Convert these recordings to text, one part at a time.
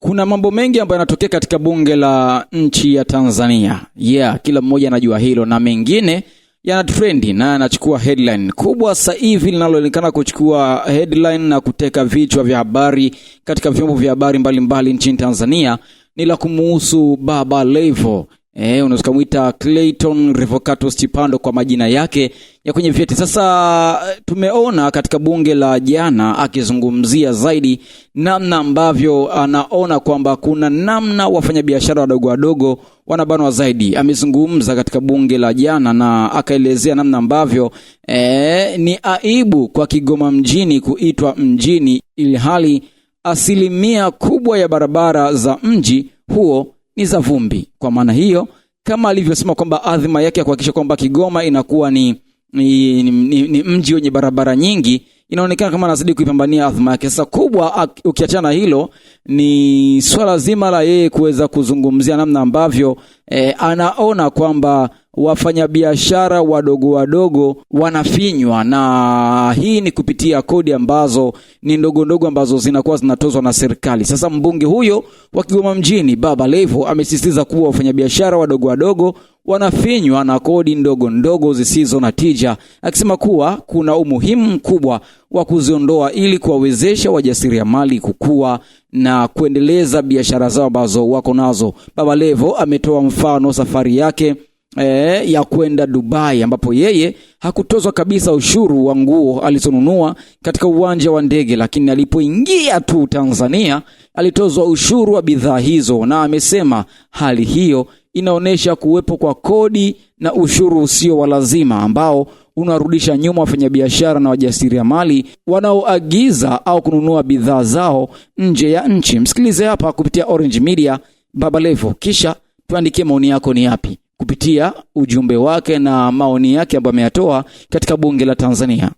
Kuna mambo mengi ambayo yanatokea katika bunge la nchi ya Tanzania. Yeah, kila mmoja anajua hilo na mengine yana trendi na yanachukua headline kubwa sasa hivi, linaloonekana kuchukua headline na kuteka vichwa vya habari katika vyombo vya habari mbalimbali nchini Tanzania ni la kumuhusu Baba Levo, eh, unaweza kumwita Clayton Revocatus Chipando kwa majina yake ya kwenye vyeti. Sasa eh, tumeona katika bunge la jana akizungumzia zaidi namna ambavyo anaona kwamba kuna namna wafanyabiashara wadogo wadogo wanabanwa zaidi. Amezungumza katika bunge la jana na akaelezea namna ambavyo eh, ni aibu kwa Kigoma mjini kuitwa mjini ilhali asilimia kubwa ya barabara za mji huo ni za vumbi. Kwa maana hiyo, kama alivyosema kwamba adhima yake ya kuhakikisha kwamba Kigoma inakuwa ni, ni, ni, ni, ni mji wenye barabara nyingi, inaonekana kama anazidi kuipambania adhima yake. Sasa kubwa, ukiachana hilo, ni swala zima la yeye kuweza kuzungumzia namna ambavyo eh, anaona kwamba wafanyabiashara wadogo wadogo wanafinywa, na hii ni kupitia kodi ambazo ni ndogo ndogo ambazo zinakuwa zinatozwa na serikali. Sasa mbunge huyo wa Kigoma mjini Baba Levo amesisitiza kuwa wafanyabiashara wadogo wadogo wanafinywa na kodi ndogo ndogo zisizo na tija, akisema kuwa kuna umuhimu mkubwa wa kuziondoa ili kuwawezesha wajasiriamali kukua na kuendeleza biashara zao ambazo wako nazo. Baba Levo ametoa mfano safari yake e, ya kwenda Dubai ambapo yeye hakutozwa kabisa ushuru wa nguo alizonunua katika uwanja wa ndege, lakini alipoingia tu Tanzania alitozwa ushuru wa bidhaa hizo, na amesema hali hiyo inaonyesha kuwepo kwa kodi na ushuru usio wa lazima ambao unarudisha nyuma wafanyabiashara na wajasiriamali wanaoagiza au kununua bidhaa zao nje ya nchi. Msikilize hapa kupitia Orange Media Baba Levo, kisha tuandikie maoni yako ni yapi kupitia ujumbe wake na maoni yake ambayo ameyatoa katika bunge la Tanzania.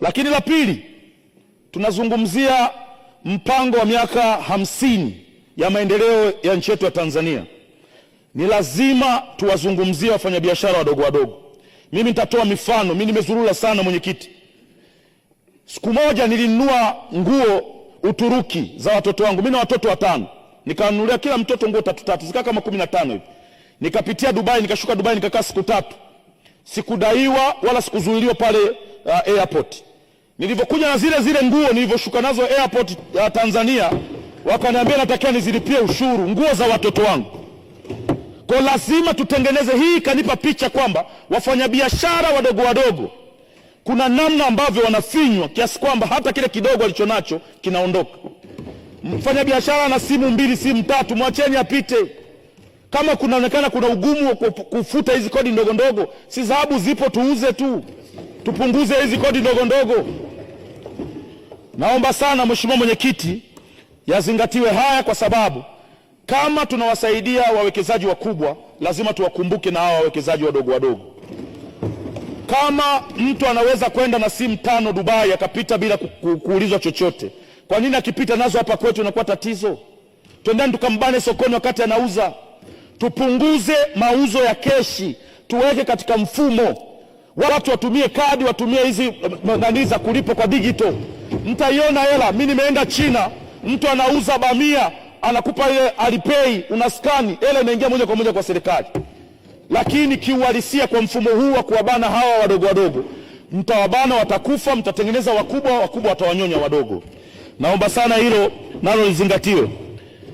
Lakini la pili, tunazungumzia mpango wa miaka hamsini ya maendeleo ya nchi yetu ya Tanzania. Ni lazima tuwazungumzie wafanyabiashara wadogo wadogo. Mimi nitatoa mifano. Mimi nimezurura sana, mwenyekiti. Siku moja nilinunua nguo Uturuki za watoto wangu, mimi na watoto watano, nikanunulia kila mtoto nguo tatu tatu, zikaa kama kumi na tano hivi Nikapitia Dubai, nikashuka Dubai, nikakaa siku tatu, sikudaiwa wala sikuzuiliwa pale uh, airport. Nilivyokuja na zile zile nguo nilivyoshuka nazo airport ya uh, Tanzania, wakaniambia natakiwa nizilipie ushuru nguo za watoto wangu. Kwa lazima tutengeneze hii, ikanipa picha kwamba wafanyabiashara wadogo wadogo kuna namna ambavyo wanafinywa kiasi kwamba hata kile kidogo alichonacho kinaondoka. Mfanyabiashara ana simu mbili, simu tatu, mwacheni apite. Kama kunaonekana kuna ugumu wa kufuta hizi kodi ndogo ndogo, si sababu zipo, tuuze tu, tupunguze hizi kodi ndogo ndogo. Naomba sana Mheshimiwa Mwenyekiti, yazingatiwe haya, kwa sababu kama tunawasaidia wawekezaji wakubwa, lazima tuwakumbuke na hawa wawekezaji wadogo wadogo. Kama mtu anaweza kwenda na simu tano Dubai akapita bila kuulizwa chochote, kwa nini akipita nazo hapa kwetu inakuwa tatizo? Twendeni tukambane sokoni wakati anauza tupunguze mauzo ya keshi, tuweke katika mfumo, watu watumie kadi, watumie hizi eh, nani za kulipo kwa digito. Mtaiona hela. Mimi nimeenda China, mtu anauza bamia anakupa ile alipei, unaskani hela inaingia moja kwa moja kwa serikali. Lakini kiuhalisia kwa mfumo huu wa kuwabana hawa wadogo wadogo, mtawabana watakufa, mtatengeneza wakubwa, wakubwa watawanyonya wadogo. Naomba sana hilo nalo lizingatiwe.